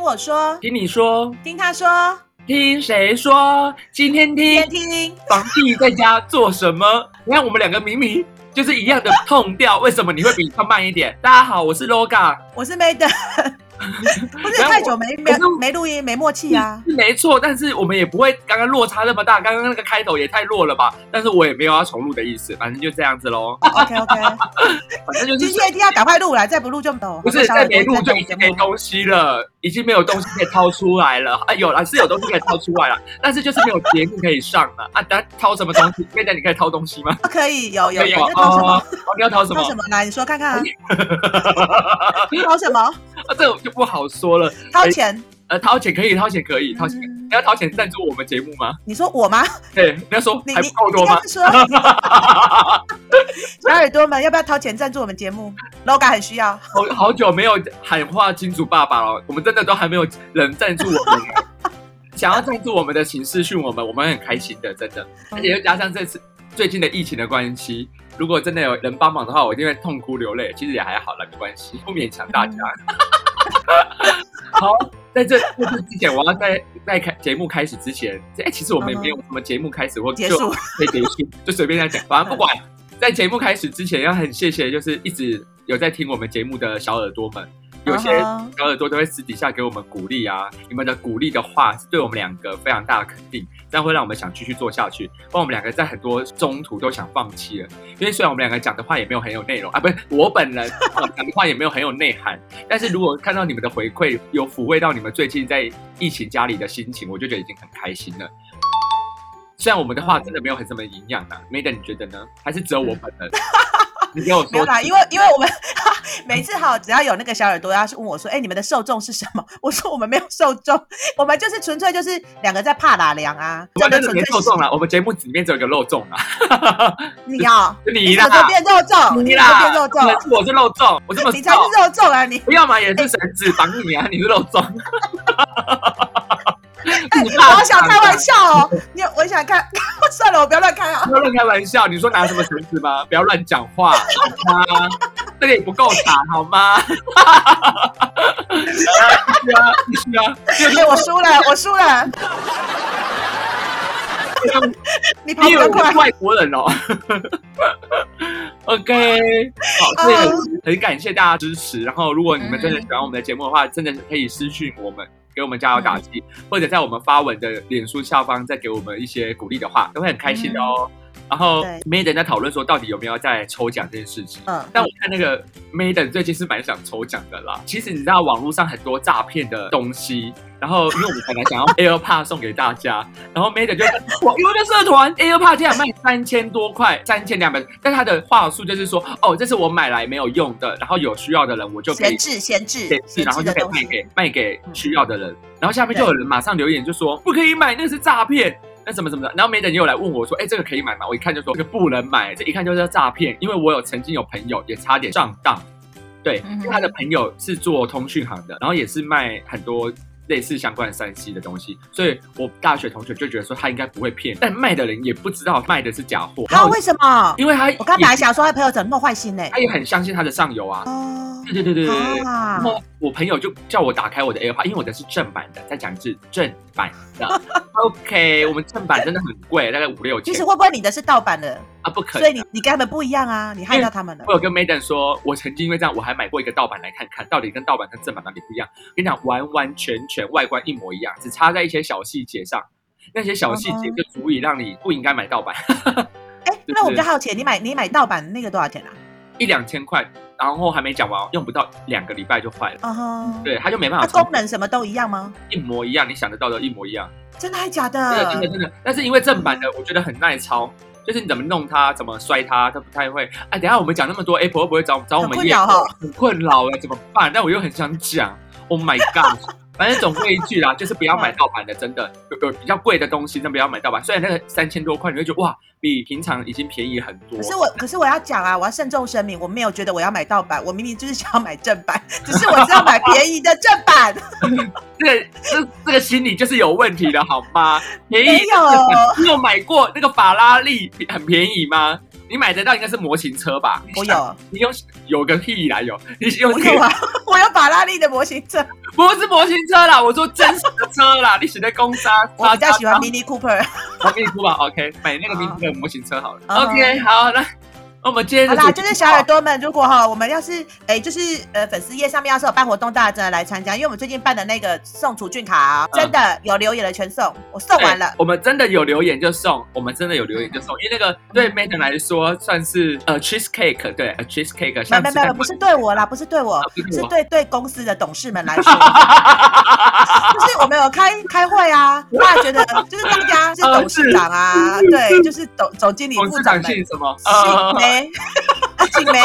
聽我說，聽你說，聽他說，聽誰說？今天聽，聽防疫在家做什麼？你看我們兩個明明就是一樣的痛調，為什麼你會比他慢一點？大家好，我是 Loga，我是 Madam，不是太久沒沒沒錄音沒默契啊？沒錯，但是我們也不會剛剛落差那麼大，剛剛那個開頭也太弱了吧？但是我也沒有要重錄的意思，反正就這樣子嘍。OK，反正就是今天一定要趕快錄了，再不錄就不是再沒錄就已經沒東西了。已經沒有東西可以掏出來了啊！有了，是有東西可以掏出來了， 但是就是沒有節目可以上了啊！等下，掏什麼東西？妹仔，你可以掏東西嗎？可以，有有有。 要掏什麼，哦哦？你要掏什麼？掏什麼？來，你說看看啊！你 掏什麼？那、啊、這就不好說了。掏錢。欸呃，掏錢可以，掏錢可以，掏錢你、嗯、要掏錢贊助我們節目嗎？你說我嗎？對，說你要說還不夠多嗎？小 耳朵們，要不要掏錢贊助我們節目？Loga 很需要，好好久沒有喊話金主爸爸了。我們真的都還沒有人贊助我們， 想要贊助我們的請私訊我們，我們很開心的，真的。而且又加上這次最近的疫情的關係，如果真的有人幫忙的話，我一定會痛哭流淚。其實也還好了，沒關係，不勉強大家。嗯、 好。在這、在這之前， 我要在在開節目開始之前，哎，其實我們也沒有什麼節目開始或者結束，可以、uh huh. 就結束， 就隨便來講。反正不管 在節目開始之前，要很謝謝，就是一直有在聽我們節目的小耳朵們，有些小耳朵都會私底下給我們鼓勵啊，uh huh. 你們的鼓勵的話，是對我們兩個非常大的肯定。但會讓我們想繼續做下去，不然我們兩個在很多中途都想放棄了。因為雖然我們兩個講的話也沒有很有內容啊，不是我本人、 啊、講的話也沒有很有內涵，但是如果看到你們的回饋，有撫慰到你們最近在疫情家裡的心情，我就覺得已經很開心了。雖然我們的話真的沒有很什麼營養啊，Madam，你覺得呢？還是只有我本人？ 你我沒有啦，因為因為我們、啊、每次哈，只要有那個小耳朵要是問我說，哎、欸，你們的受眾是什麼？我說我們沒有受眾，我們就是純粹就是兩個在怕打量啊。我們受是我們受眾了，我們節目裡面只有一個肉粽了。哈哈你要、哦，你變肉粽，你啦，你變肉粽，啦重，重，我是肉粽，我是你才是肉粽啊！你不、啊、要嘛，也是繩子綁你啊，欸、你是肉粽。 哎，不、欸、我想開玩笑哦、喔！你，我想開，我算了，我不要亂開啊、喔！不要亂開玩笑，你說拿什麼繩子嗎？不要亂講話，好嗎 那個也不夠長，好嗎？ 啊是啊，繼續啊！對、啊欸，我輸了，我輸了。你有外國人、喔、 okay. 哦？OK，好，這也很,、um, 很感謝大家支持。然後，如果你們真的喜歡我們的節目的話，真的可以私訊我們。給我們加油打氣，嗯、或者在我們發文的臉書下方再給我們一些鼓勵的話，都會很開心的哦。嗯然後 Madam 在討論說，到底有沒有在抽獎這件事情？嗯，但我看那個 Madam 最近是蠻想抽獎的啦。其實你知道網絡上很多詐騙的東西，然後因為我們本來想要 AirPod 送給大家，然後 Madam 就，我有一個社團 AirPod 這樣賣三千多塊，三千兩百，但他的話術就是說，哦，這是我買來沒有用的，然後有需要的人我就閒置閒置閒置，然後就可以賣給賣給，賣給需要的人。然後下面就有人馬上留言就說，對不可以買，那是詐騙。那怎麼怎麼的？然後沒等你又來問我說：“哎，這個可以買嗎？”我一看就說：“這個不能買，這一看就是詐騙。”因為我有曾經有朋友也差點上當，對，嗯、因為他的朋友是做通訊行的，然後也是賣很多類似相關的三 C 的東西，所以我大學同學就覺得說他應該不會騙，但賣的人也不知道賣的是假貨。然後為什麼？因為他我剛剛本來想說，他的朋友怎麼那麼壞心呢？他也很相信他的上游啊。哦，對對對對對。啊我朋友就叫我打開我的 AirPods 因為我的是正版的。再講一次，正版的。 OK，我們正版真的很貴，對大概五六千。其實會不會你的，是盜版的啊？不可以啊。所以你，你跟他們不一樣啊！你害到他們了。我有跟 Madam 說，我曾經因為這樣，我還買過一個盜版來看看到底跟盜版跟正版哪裡不一樣。跟你講，完完全全外觀一模一樣，只差在一些小細節上，那些小細節就足以讓你不應該買盜版。哎、 欸，那我比較好奇，你買你買盜版那個多少錢啊？一兩千塊，然後還沒講完，用不到兩個禮拜就壞了。啊、uh huh. 對，它就沒辦法。功能什麼都一樣嗎？一模一樣，你想得到的一模一樣。真的還是假的？真的真的真的。但是因為正版的，uh huh. 我覺得很耐操，就是你怎麼弄它，怎麼摔它，它不太會。哎、啊，等一下我們講那麼多，Apple 會不會找找我們驗？困擾很困擾哎、哦 oh，怎麼辦？但我又很想講，Oh my God！ 反正總歸一句啦，就是不要買盜版的，真的有有比較貴的東西，那不要買盜版。雖然那個三千多塊，你會覺得哇，比平常已經便宜很多。可是我，可是我要講啊，我要慎重聲明，我沒有覺得我要買盜版，我明明就是想要買正版，只是我是要買便宜的正版。 對這，這個心理就是有問題的，好嗎？便宜、這個，有你有買過那個法拉利很便宜嗎？你買得到應該是模型車吧？我有，你有有個屁啊有？你有？有有你用這個，我有，啊，我有法拉利的模型車， 不是模型車啦，我做真實的車啦。 你是在公商。我比較喜歡 Mini Cooper，Mini Cooper，啊、 OK，買那個 Mini Cooper 的模型車好了。Uh huh. OK，好，來我們今天好啦，就是小耳朵們，如果哈，我們要是哎，就是呃，粉絲頁上面要是有辦活動，大家真的來參加，因為我們最近辦的那個送儲俊卡，真的有留言的全送，我送完了。我們真的有留言就送，我們真的有留言就送，因為那個對 Madam 來說算是呃 cheesecake，對 cheesecake。沒沒沒有，不是對我啦，不是對我，是對對公司的董事們來說，就是我們有開開會啊，大家覺得就是大家是董事長啊，對，就是總總經理部長姓什麼。錦梅，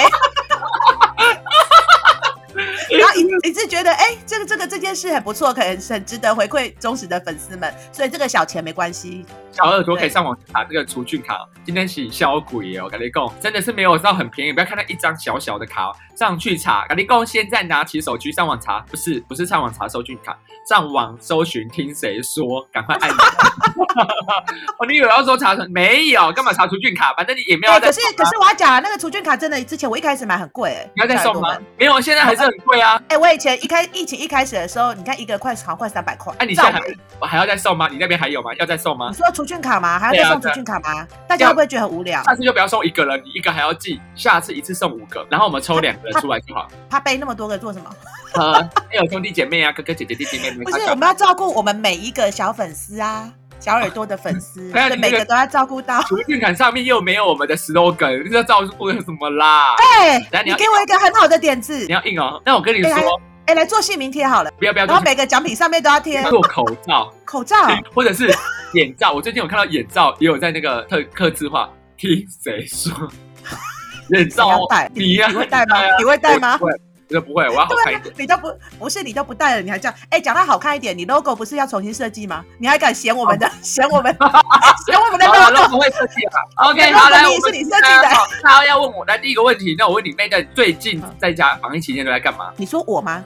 然後一一直覺得，哎、欸，這個這個、這個、這件事很不錯，很很值得回饋忠實的粉絲們，所以這個小錢沒關係。小耳朵對可以上網查卡這個除菌卡，今天是小鬼哦，感覺共真的是沒有到很便宜，不要看到一張小小的卡。上去查，你力工現在拿起手機上網查，不是不是上網查，除菌卡上網搜尋，聽誰說？趕快按！哦， 你以為要說查成沒有，幹嘛查除菌卡吧？反正你也沒有、欸。可是可是我要講，那個除菌卡真的，之前我一開始買很貴、欸、你要再送嗎？因為我現在還是很貴啊。哎、欸，我以前一開疫情一開始的時候，你看一個快好像快三百塊。哎，啊、你現在還我還要再送嗎？你那邊還有嗎？要再送嗎？你說除菌卡嗎？還要再送除菌卡嗎？啊、大家會不會覺得很無聊？下次就不要送一個了，你一個還要寄，下次一次送五個，然後我們抽兩個。出來就好，他背那麼多個做什麼？啊，還有兄弟姐妹啊，哥哥姐姐、弟弟妹妹，不是我們要照顧我們每一個小粉絲啊，小耳朵的粉絲，對，每個都要照顧到。門檻上面又沒有我們的 slogan，就要照顧什麼啦？對，來，你要給我一個很好的點子，你要硬哦。那我跟你說，哎，來做姓名貼好了，不要不要，然後每個獎品上面都要貼。做口罩，口罩，或者是眼罩。我最近有看到眼罩也有在那個特客製化，聽誰說？人要戴，你你會戴嗎？你會戴嗎？會，那不會，我要改。你都不不是你都不戴了，你還這樣？哎，講它好看一點，你 logo 不是要重新設計嗎？你還敢嫌我們的？嫌我們？嫌我們的 logo 不會設計嗎？OK，好，來，是你設計的。那要問我來第一個問題，那我問你妹在最近在家防疫期間都在幹嘛？你說我嗎？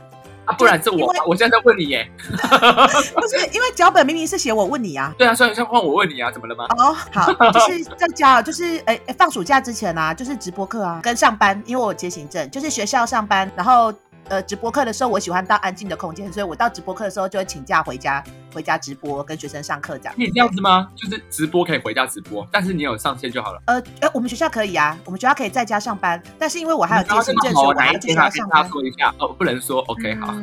不、啊、然是我，我現在在問你耶，欸， 不是因為腳本明明是寫我問你啊，對啊，算算換我問你啊，怎麼了嗎？哦，oh, 好，就是在家，就是誒、欸欸，放暑假之前啊，就是直播課啊，跟上班，因為我接行政，就是學校上班，然後。呃，直播課的時候，我喜歡到安靜的空間，所以我到直播課的時候就會請假回家，回家直播跟學生上課這樣。你這樣子嗎？對就是直播可以回家直播，但是你有上線就好了。呃，呃我們學校可以啊，我們學校可以在家上班，但是因為我還有學。你好，麻煩跟他說一下哦，不能說 OK 好。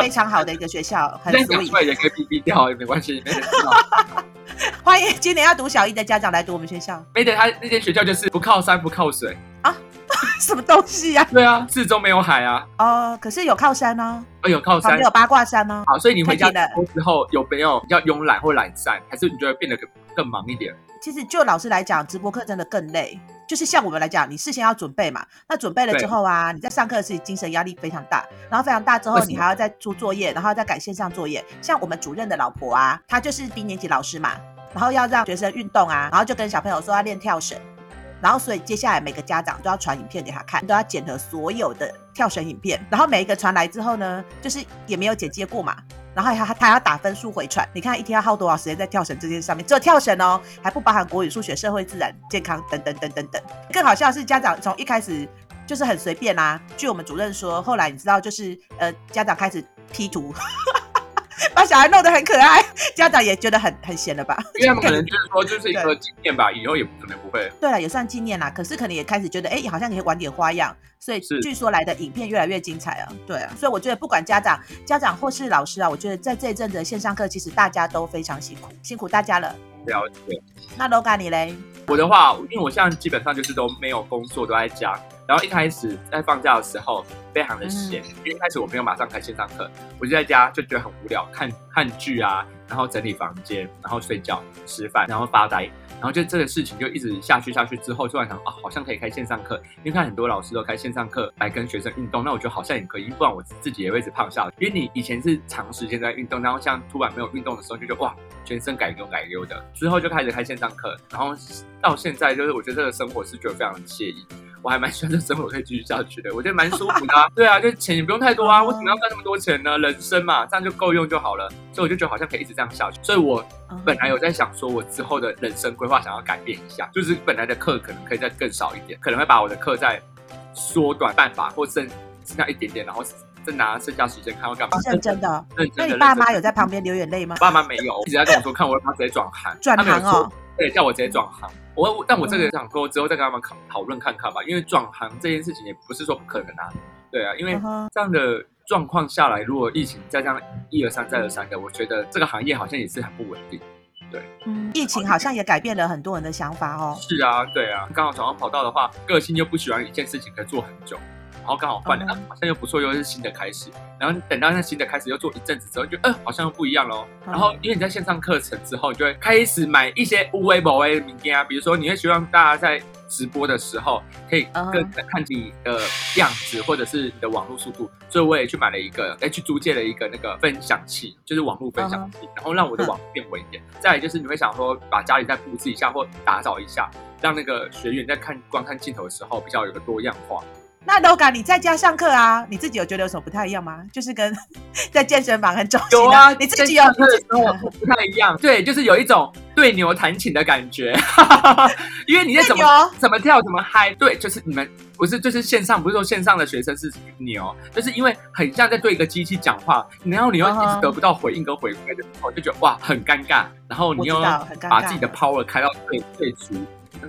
非常好的一個學校， 很舒服。那可以避 P 掉也沒關係。 歡迎今年要讀小一的家長來讀我們學校。沒得他，他那間學校就是不靠山不靠水啊。 什麼東西呀、啊？對啊，四周沒有海啊。哦，可是有靠山呢、哦。啊、哦、有靠山，有八卦山呢、哦。好，所以你回家之後有沒有比較慵懶或懶散，還是你覺得變得更更忙一點？其實就老師來講，直播課真的更累。就是像我們來講，你事先要準備嘛，那準備了之後啊，對你在上課的時候精神壓力非常大，然後非常大之後，你還要再出作業，然後再改線上作業。像我們主任的老婆啊，她就是低年級老師嘛，然後要讓學生運動啊，然後就跟小朋友說要練跳繩。然後，所以接下來每個家長都要傳影片給他看，都要剪合所有的跳繩影片。然後每一個傳來之後呢，就是也沒有剪接過嘛。然後他他要打分數回傳。你看一天要耗多少時間在跳繩這件上面？只有跳繩哦，還不包含國語、數學、社會、自然、健康等等等等等等。更好笑的是，家長從一開始就是很隨便啦、啊。據我們主任說，後來你知道，就是呃，家長開始 P 圖。把小孩弄得很可愛，家長也覺得很很閒了吧？因為他們可能就是說，就是一個紀念吧，對以後也可能不會。對了，也算紀念啦。可是可能也開始覺得，哎、欸，好像你也玩點花樣，所以是據說來的影片越來越精彩啊。對啊，所以我覺得不管家長、家長或是老師啊，我覺得在這一陣子的線上課，其實大家都非常辛苦，辛苦大家了。了解，那 Loga 你呢？我的話，因為我現在基本上就是都沒有工作，都在家。然後一開始在放假的時候非常的閒，嗯、因為一開始我沒有馬上開線上課，我就在家就覺得很無聊，看看劇啊，然後整理房間，然後睡覺、吃飯，然後發呆。然後就這個事情就一直下去下去之後突然想啊、哦，好像可以開線上課，因為看很多老師都開線上課來跟學生運動，那我覺得好像也可以，因為不然我自己也會一直胖下來。因為你以前是長時間在運動，然後像突然沒有運動的時候就就，就覺得哇，全身改溜改溜的。之後就開始開線上課，然後到現在就是我覺得這個生活是覺得非常愜意。我還蠻喜歡這生活可以繼續下去的，我覺得蠻舒服的、啊。 對啊，就錢也不用太多啊，嗯、我怎麼要賺那麼多錢呢？人生嘛，這樣就夠用就好了。所以我就覺得好像可以一直這樣下去。所以我本來有在想說，我之後的人生規劃想要改變一下，嗯、就是本來的課可能可以再更少一點，可能會把我的課再縮短辦法，或剩剩下一點點，然後再拿剩下時間看要幹嘛。哦、像真的，真的。那你爸媽有在旁邊流眼淚嗎？爸媽沒有，一直在跟我說看我會把誰轉行，轉行哦。對，叫我直接轉行。我但我這個也想說，之後再跟他們討討論看看吧。因為轉行這件事情也不是說不可能啊。對啊，因為這樣的狀況下來，如果疫情再這樣一而三再而三的，我覺得這個行業好像也是很不穩定。對，嗯，疫情好像也改變了很多人的想法哦。是啊，對啊，剛好轉行跑道的話，個性又不喜歡一件事情可以做很久。然後剛好換了，啊，Okay. 好像又不錯，又是新的開始。然後等到那新的開始又做一陣子之後，就，嗯、呃，好像又不一樣嘍。Okay. 然後因為你在線上課程之後，你就會開始買一些有的沒的東西啊。比如說，你會希望大家在直播的時候可以更、uh huh. 看你的樣子，或者是你的網絡速度。所以我也去買了一個，哎、uh，huh. 去租借了一個那個分享器，就是網絡分享器，uh huh. 然後讓我的網變穩一點。嗯、再來就是你會想說，把家裡再布置一下或打掃一下，讓那個學員在看觀看鏡頭的時候比較有個多樣化。那 Loga，你在家上課啊？你自己有覺得有什麼不太一樣嗎？就是跟 在健身房很重，心的，啊，啊你自己有跟我不太一樣。 對，就是有一種對牛彈琴的感覺，哈哈哈，哈，因為你在怎麼怎 牛麼跳怎麼嗨。對，就是你們不是就是線上不是說線上的學生是牛，就是因為很像在對一個機器講話，然後你又一直得不到回應跟回饋的時候，uh huh. 就覺得哇很尷尬，然後你又把自己的 power 開到最，最足。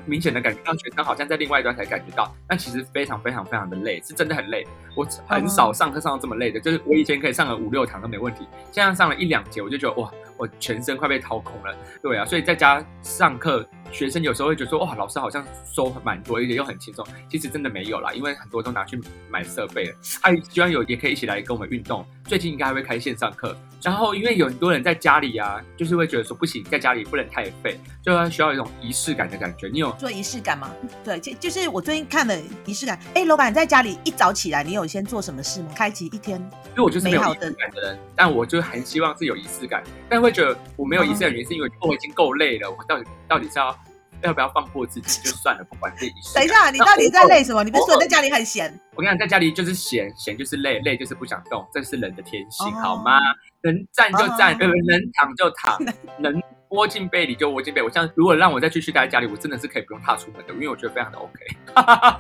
明顯的感覺，讓學生好像在另外一端才感覺到，但其實非常非常非常的累，是真的很累。我很少上課上到這麼累的，就是我以前可以上個五六堂都沒問題，現在上了一兩節我就覺得哇，我全身快被掏空了。對啊，所以在家上課。學生有時候會覺得說，哇、哦，老師好像收蠻多一點，又很輕鬆。其實真的沒有啦，因為很多都拿去買設備了。哎，居然有也可以一起來跟我們運動。最近應該還會開線上課。然後因為有很多人在家裡啊，就是會覺得說不行，在家裡不能太廢，就要需要一種儀式感的感覺。你有做儀式感嗎？對，就就是我最近看了儀式感。哎、欸，Loga 你在家裡一早起來，你有先做什麼事嗎？開啟一天美好的。我就是沒有儀式感的人。但我就很希望是有儀式感，但會覺得我沒有儀式感，原因是因為我已經夠累了。我到底到底是要。要不要放過自己就算了，不管自己。等一下，你到底在累什麼？我我你不是說我在家裡很閒？我跟你講，在家裡就是閒，閒就是累，累就是不想動，這是人的天性，oh、好嗎？能站就站，oh、能躺就躺，oh、能窩進被裡就窩進被。 我像，如果讓我再繼續待在家裡，我真的是可以不用踏出門的，因為我覺得非常的 OK。哈哈哈，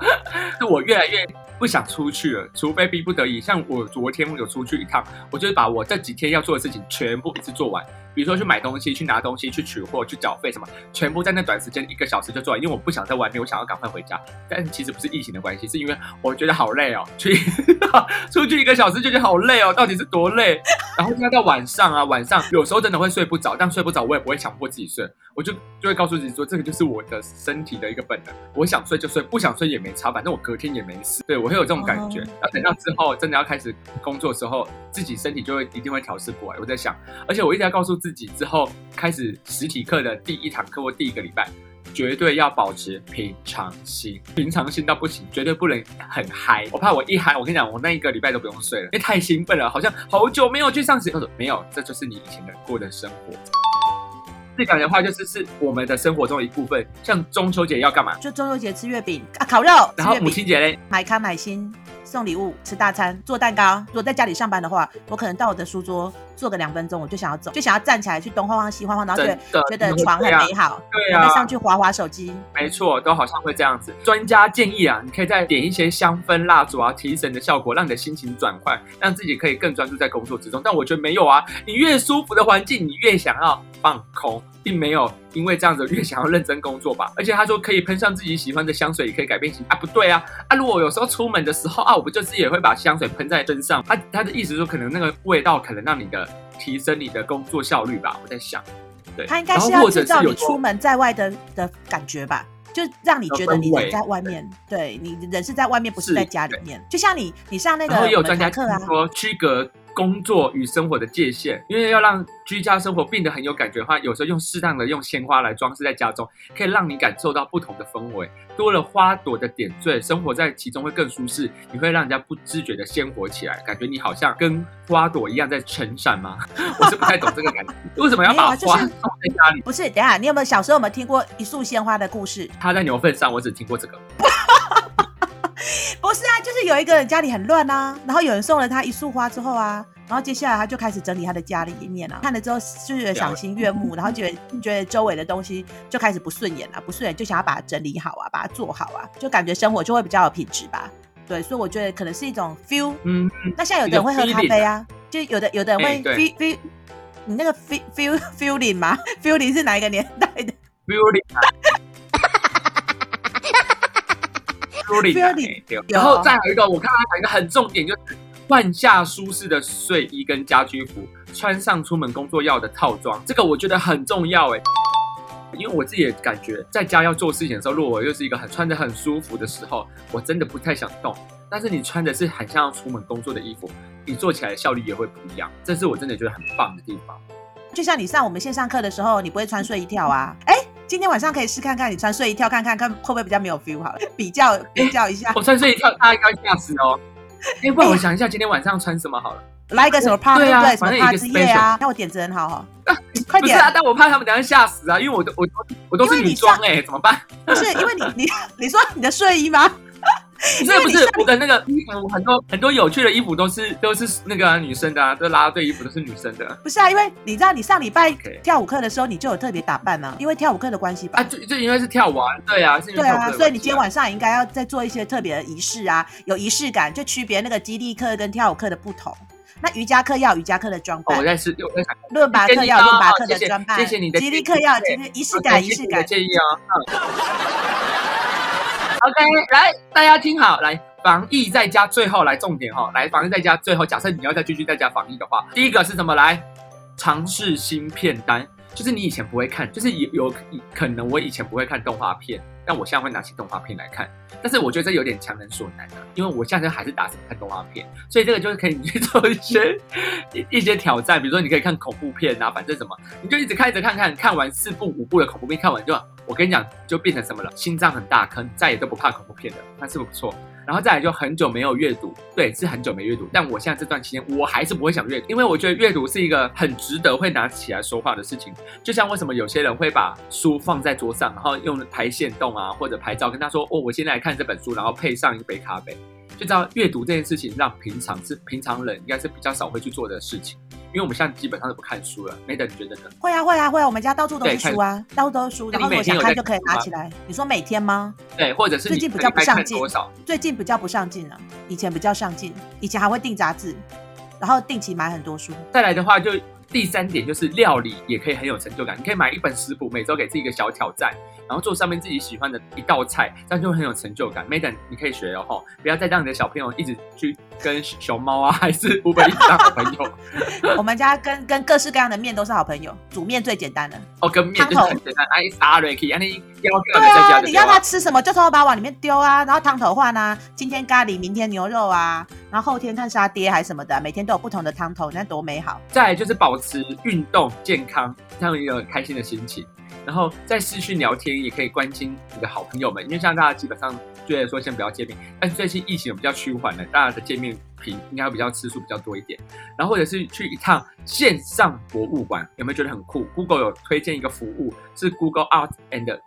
是我越來越不想出去了，除非逼不得已。像我昨天有出去一趟，我就是把我這幾天要做的事情全部一次做完。比如說去買東西、去拿東西、去取貨、去繳費什麼，全部在那短時間一個小時就做完。因為我不想在外面，我想要趕快回家。但其實不是疫情的關係，是因為我覺得好累哦、喔，去呵呵出去一個小時就覺得好累哦、喔，到底是多累？然後現在到晚上啊，晚上有時候真的會睡不着，但睡不着我也不會強迫自己睡，我就就會告訴自己說，這個就是我的身體的一個本能，我想睡就睡，不想睡也沒差，反正我隔天也沒事。對，我會有這種感覺。然後等到之後真的要開始工作的時候，自己身體就會一定會調試過來。我在想，而且我一直在告訴。自己之後開始實體課的第一堂課或第一個禮拜，絕對要保持平常心，平常心到不行，絕對不能很嗨。我怕我一嗨，我跟你講，我那一個禮拜都不用睡了，因、欸、為太興奮了，好像好久沒有去上學。他、哦、說沒有，這就是你以前的過的生活。這感覺的話就是是我們的生活中的一部分。像中秋節要幹嘛？就中秋節吃月餅啊，烤肉。然後母親節嘞，買咖、買新，送禮物，吃大餐，做蛋糕。如果在家裡上班的話，我可能到我的書桌。坐個兩分鐘，我就想要走，就想要站起來去東晃晃西晃晃，然後就的覺得床很美好，對啊，對啊，然後再上去滑滑手機，沒錯，都好像會這樣子。嗯、專家建議啊，你可以再點一些香氛蠟燭啊，提神的效果，讓你的心情轉換，讓自己可以更專注在工作之中。但我覺得沒有啊，你越舒服的環境，你越想要放空，並沒有因為這樣子越想要認真工作吧。而且他說可以噴上自己喜歡的香水，也可以改變形。啊，不對啊啊！如果有時候出門的時候啊，我不就是也會把香水噴在身上？他、啊、他的意思說，可能那個味道可能讓你的。提升你的工作效率吧，我在想。對，他應該是要制造你出門在外的在外的，的感覺吧，就讓你覺得你人在外面，對，對你人是在外面，不是在家裡面。就像你，你上那個我也有專家課啊，說區隔。工作與生活的界限，因為要讓居家生活變得很有感覺的話，有時候用適當的用鮮花來裝飾在家中，可以讓你感受到不同的氛圍。多了花朵的點綴，生活在其中會更舒適。你會讓人家不自覺的鮮活起來，感覺你好像跟花朵一樣在盛放嗎？ 我是不太懂這個感覺，為什麼要把花放在家裡、 啊就是？不是，等一下你有沒有小時候有沒有聽過一束鮮花的故事？插在牛糞上，我只聽過這個。不是啊，就是有一個人家裡很亂啊，然後有人送了他一束花之後啊，然後接下來他就開始整理他的家裡面了、啊。看了之後就是賞心悅目，然後覺得覺得周圍的東西就開始不順眼了、啊，不順眼就想要把它整理好啊，把它做好啊，就感覺生活就會比較有品質吧。對，所以我覺得可能是一種 feel，嗯嗯。那現在有的人會喝咖啡啊，有啊就有的有的人會 feel，、欸、feel 你那個 feel feel feeling 嗎？feeling 是哪一個年代的？feeling。Feeling 啊？ Like, 有然後再有一個，嗯、我看他講一個很重點，就是換下舒適的睡衣跟家居服，穿上出門工作要的套裝，這個我覺得很重要哎。因為我自己也感覺，在家要做事情的時候，如果我又是一個很穿着很舒服的時候，我真的不太想動。但是你穿的是很像要出門工作的衣服，你做起來的效率也會不一樣。這是我真的覺得很棒的地方。就像你上我們線上課的時候，你不會穿睡衣跳啊？哎。今天晚上可以試看看，你穿睡衣跳看看看會不會比較沒有 feel 好了，比較比較一下。我穿睡衣跳，他應該會嚇死哦。因、哎、為我想一下今天晚上穿什麼好了。哎、呀來一個什麼 party 對、啊、對，什麼 part 反正一個派啊。那我點子很好哈、哦，啊、快點是啊！但我怕他們等下嚇死啊，因為我都我都我都是女裝哎、欸，怎麼辦？不是因為你你你，你說你的睡衣嗎？不是不是我的那個衣服，很多很多有趣的衣服都是都是那個女生的啊，都拉的。對，衣服都是女生的。不是啊，因為你知道你上禮拜跳舞課的時候，你就有特別打扮嗎？因為跳舞課的關係吧？啊，就就因為是跳完，對啊，是。對啊，所以你今天晚上應該要再做一些特別的儀式啊，有儀式感，就區別那個激勵課跟跳舞課的不同。那瑜伽課要瑜伽課的裝扮，哦，那是倫倫巴課要倫巴課的裝扮，謝謝你的激勵課要今天儀式感，儀式感。有建議啊？OK，來，大家聽好，來，防疫在家，最後來重點哈、哦，來防疫在家，最後假設你要再繼續在家防疫的話，第一個是什麼？來嘗試新片單。就是你以前不會看，就是有有可能我以前不會看動畫片，但我現在會拿起動畫片來看。但是我覺得這有點強人所難啊，因為我現在就還是打算看動畫片，所以這個就是可以你去做一些一一些挑戰，比如說你可以看恐怖片啊，反正什麼你就一直開着看看，看完四部五部的恐怖片，看完就我跟你講就變成什麼了，心臟很大顆，可能再也都不怕恐怖片了，那是不不錯。然後再來就很久沒有閱讀，對，是很久沒閱讀。但我現在這段期間，我還是不會想閱讀，因為我覺得閱讀是一個很值得會拿起來說話的事情。就像為什麼有些人會把書放在桌上，然後用拍線動啊，或者拍照跟他說：“哦，我現在來看這本書。”然後配上一杯咖啡，就知道閱讀這件事情，讓平常是平常人應該是比較少會去做的事情。因為我們現在基本上都不看書了。Madam，你覺得呢？會啊會啊會啊！我們家到處都是書啊，到處都是書，然後如果想看就可以拿起來。你，你說每天嗎？對，或者是最近比較不上進，最近比較不上進了，啊，以前比較上進，以前還會訂雜誌，然後定期買很多書。再來的話，就第三點就是料理也可以很有成就感。你可以買一本食譜，每周給自己一個小挑戰，然後做上面自己喜歡的一道菜，這樣就會很有成就感。Madam 你可以學哦，哦，不要再讓你的小朋友一直去。跟熊貓啊，還是不百一家好朋友。 我們家跟跟各式各樣的麵都是好朋友。煮麵最簡單的哦，跟麵就是簡單，愛撒瑞你。啊、對你要他吃什麼，就偷偷把它往裡面丟啊，然後湯頭換啊，今天咖喱，明天牛肉啊，然後後天看沙爹還是什麼的、啊，每天都有不同的湯頭，那多美好。再來就是保持運動健康，讓你有開心的心情。然後在私訊聊天，也可以關心你的好朋友們，因為像大家基本上覺得說先不要見面，但是最近疫情比較趨緩了，大家的見面頻應該會比較次數比較多一點。然後或者是去一趟線上博物館，有沒有覺得很酷？Google 有推薦一個服務是 Google Arts and。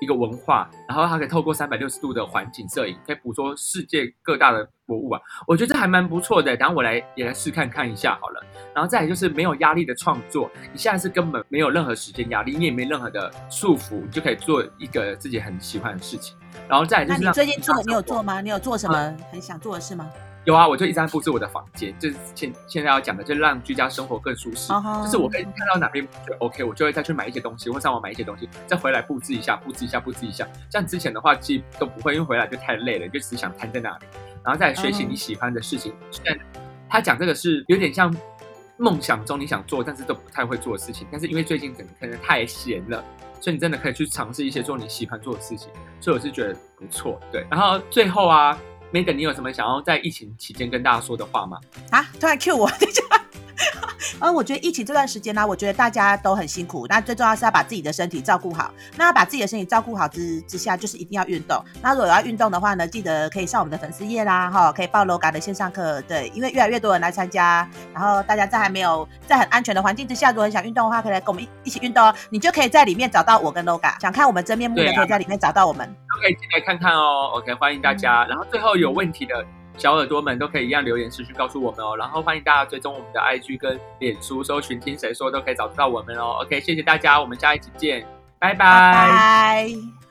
一個文化，然後它可以透過三百六十度的環境攝影，可以捕捉世界各大的博物啊，我覺得這還蠻不錯的。然後我來也來試看看一下好了。然後再來就是沒有壓力的創作，你現在是根本沒有任何時間壓力，你也沒任何的束縛，你就可以做一個自己很喜歡的事情。然後再來就是，那你最近做，你有做嗎？你有做什麼很想做的事嗎？有啊，我就一直在布置我的房間，就是現現在要講的，就讓居家生活更舒適。Uh huh. 就是我可以看到哪邊不 OK，我就會再去買一些東西，或上網買一些東西，再回來布置一下，布置一下，布置一下。像之前的話，其實都不會，因為回來就太累了，就只想癱在那裡。然後再來學習你喜歡的事情。Uh huh. 雖然他講這個是有點像夢想中你想做，但是都不太會做的事情。但是因為最近可能，可能太閒了，所以你真的可以去嘗試一些做你喜歡做的事情。所以我是覺得不錯，對。然後最後啊。Madam，你有什麼想要在疫情期間跟大家說的話嗎？啊，突然 cue 我，對吧？嗯，我覺得疫情這段時間呢、啊，我覺得大家都很辛苦，那最重要是要把自己的身體照顧好。那要把自己的身體照顧好之之下，就是一定要運動。那如果要運動的話呢，記得可以上我們的粉絲頁啦，哈，可以報 Loga 的線上課。對，因為越來越多人來參加，然後大家在還沒有在很安全的環境之下，如果很想運動的話，可以來跟我們一一起運動哦、啊。你就可以在裡面找到我跟 Loga，想看我們真面目的人可以在裡面找到我們。可以進來看看哦，OK，歡迎大家。然後最後有問題的小耳朵們都可以一樣留言私訊告訴我們哦。然後歡迎大家追蹤我們的 IG 跟臉書搜，搜尋聽誰說都可以找得到我們哦。OK，謝謝大家，我們下一集見，拜拜。拜拜。